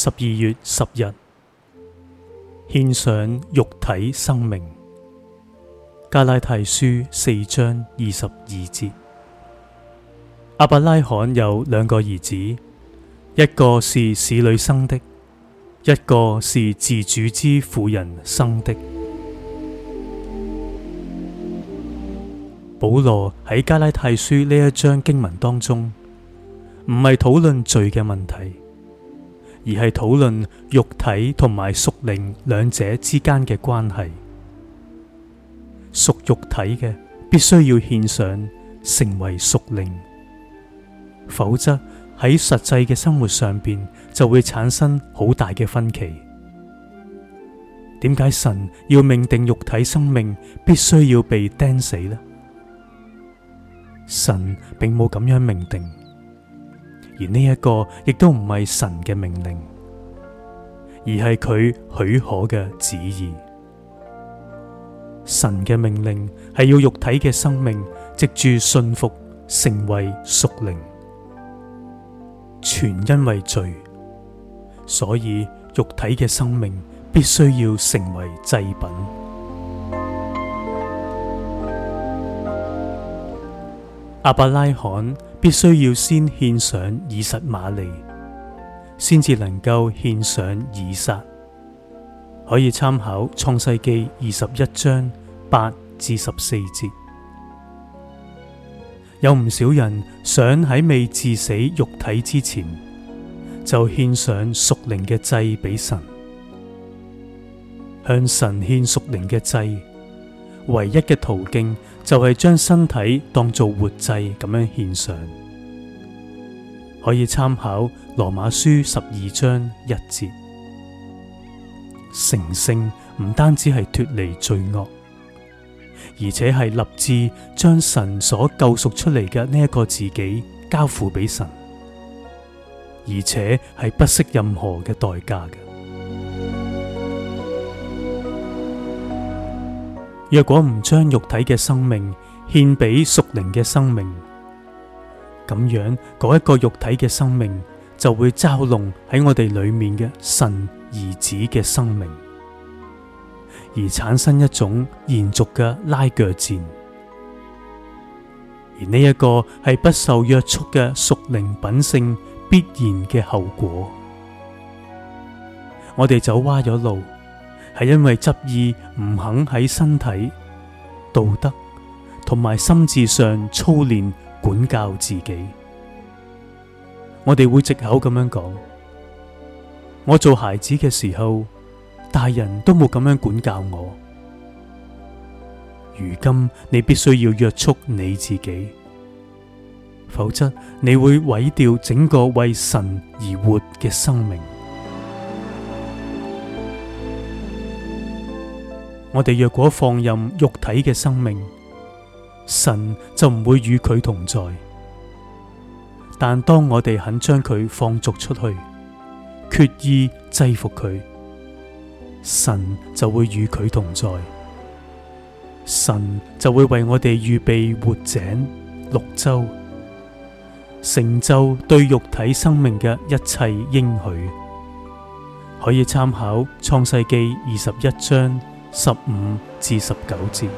十二月十日，獻上肉體生命。加拉太書四章二十二節，亞伯拉罕有兩個兒子，一個是使女生的，一個是自主之婦人生的。保羅喺加拉太書呢一章經文當中，唔係討論罪嘅問題。而係討論肉體同埋屬靈兩者之間嘅關係，屬肉體嘅必須要獻上成為屬靈，否則喺實際嘅生活上邊就會產生好大嘅分歧。點解神要命定肉體生命必須要被釘死呢？神並冇咁樣命定。而呢一個亦都唔係神嘅命令，而係佢許可嘅旨意。神嘅命令係要肉體嘅生命藉住信服，成為屬靈。全因為罪，所以肉體嘅生命必須要成為祭品。阿伯拉罕。必須要先獻上以實瑪利，先至能夠獻上以撒。可以參考《創世記》二十一章八至十四節。有唔少人想喺未致死肉體之前，就獻上屬靈嘅祭俾神，向神獻屬靈嘅祭。唯一嘅途徑就係將身體當做活祭咁樣獻上，可以參考羅馬書十二章一節。成聖唔單止係脫離罪惡，而且係立志將神所救贖出嚟嘅呢一個自己交付俾神，而且係不惜任何嘅代價嘅。若果唔將肉體嘅生命獻俾屬靈嘅生命，咁樣嗰一個肉體嘅生命就會嘲弄喺我哋裏面嘅神兒子嘅生命，而產生一種延續嘅拉鋸戰。而呢一個係不受約束嘅屬靈品性必然嘅後果。我哋走歪咗路。係因為執意唔肯喺身體、道德同埋心智上操練管教自己，我哋會藉口咁樣講：我做孩子嘅時候，大人都冇咁樣管教我。如今你必須要約束你自己，否則你會毀掉整個為神而活嘅生命。我哋若果放任肉體嘅生命，神就唔會與佢同在；但當我哋肯將佢放逐出去，決意制服佢，神就會與佢同在。神就會為我哋預備活井、綠洲，成就對肉體生命嘅一切應許。可以參考創世記二十一章。十五至十九節。